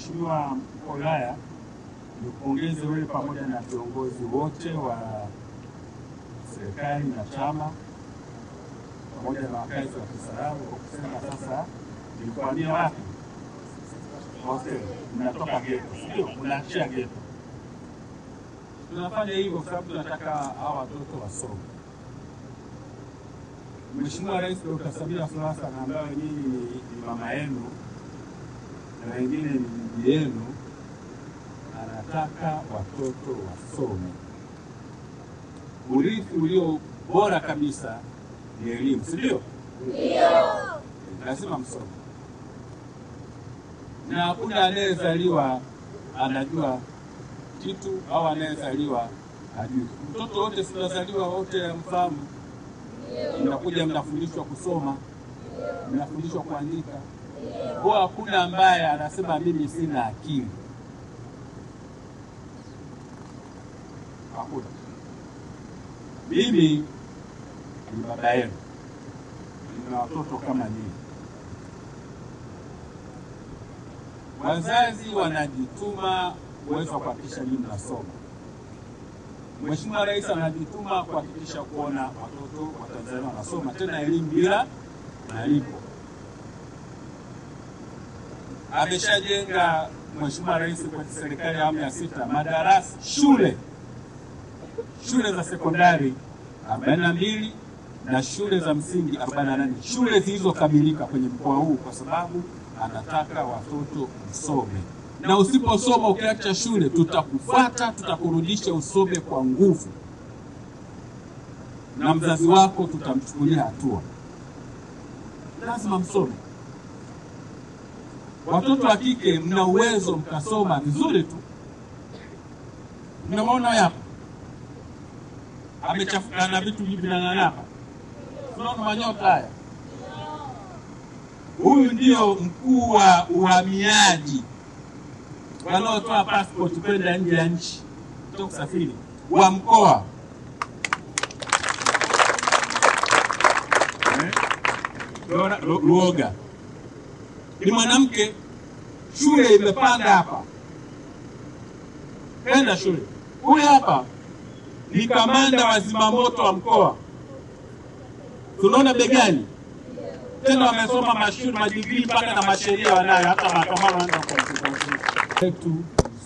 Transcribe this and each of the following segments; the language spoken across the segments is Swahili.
Mheshimiwa mkuu wa wilaya, nikupongeze wewe pamoja na viongozi wote wa serikali na chama pamoja na wakazi wa Kisarawe kwa kusema sasa nikuhamia wapi hosteli, mnatoka geto, sio mnaachia geto. Tunafanya hivyo kwa sababu tunataka hawa watoto wasome. Mheshimiwa Rais Dr. Samia Suluhu Hassan ambaye nyinyi ni mama yenu na wengine ni yenu, anataka watoto wasome. Urithi ulio bora kabisa ni elimu, si ndio? Lazima msome, na hakuna anayezaliwa anajua kitu au anayezaliwa hajui. Mtoto wote sinazaliwa wote amfahamu, mnakuja mnafundishwa kusoma, mnafundishwa kuandika huwa hakuna ambaye anasema mimi sina akili, hakuna. Mimi ni baba yenu, nina watoto kama nyinyi. Wazazi wanajituma kuweza kuhakikisha nyinyi nasoma Mheshimiwa Rais anajituma kuhakikisha kuona watoto wa Tanzania wanasoma, tena elimu bila malipo ameshajenga Mheshimiwa Rais kwenye serikali ya awamu ya sita madarasa shule shule za sekondari 42 na shule za msingi 48, shule zilizokamilika kwenye mkoa huu, kwa sababu anataka watoto msome, na usiposoma ukiacha shule, tutakufuata tutakurudisha usome kwa nguvu, na mzazi wako tutamchukulia hatua. Lazima msome. Watoto wa kike mna uwezo mkasoma vizuri tu. Mnamaona hapa amechafuka na vitu hivi hapa, tunaona manyota haya. Huyu ndio mkuu wa uhamiaji wanaotoa passport kwenda nje ya nchi kutoka kusafiri wa mkoa eh? Luoga ni mwanamke, shule imepanda hapa, enda shule. Huyu hapa ni kamanda wa zimamoto wa mkoa, tunaona begani tena wamesoma mashule madigrii mpaka na masheria wanayo, hata mahakamani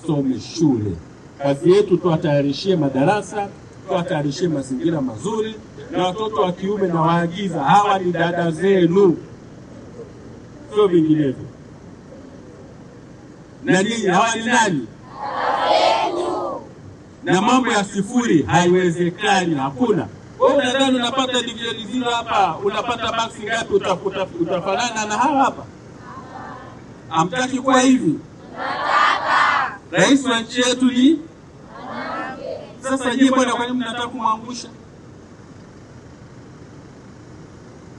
Some shule, kazi yetu tuwatayarishie madarasa, tuwatayarishie mazingira mazuri, na watoto wa kiume nawaagiza, hawa ni dada zenu sio vinginevyo. Na ninyi hawa ni nani? Na mambo ya sifuri haiwezekani, hakuna. Wewe unadhani unapata division zero hapa, unapata maksi ngapi? Utafanana na hawa hapa? Hamtaki kuwa hivi. Rais wa nchi yetu ni sasa. Je, bwana, kwa nini mnataka kumwangusha?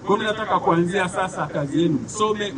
Kwa mnataka kuanzia sasa, kazi yenu msome.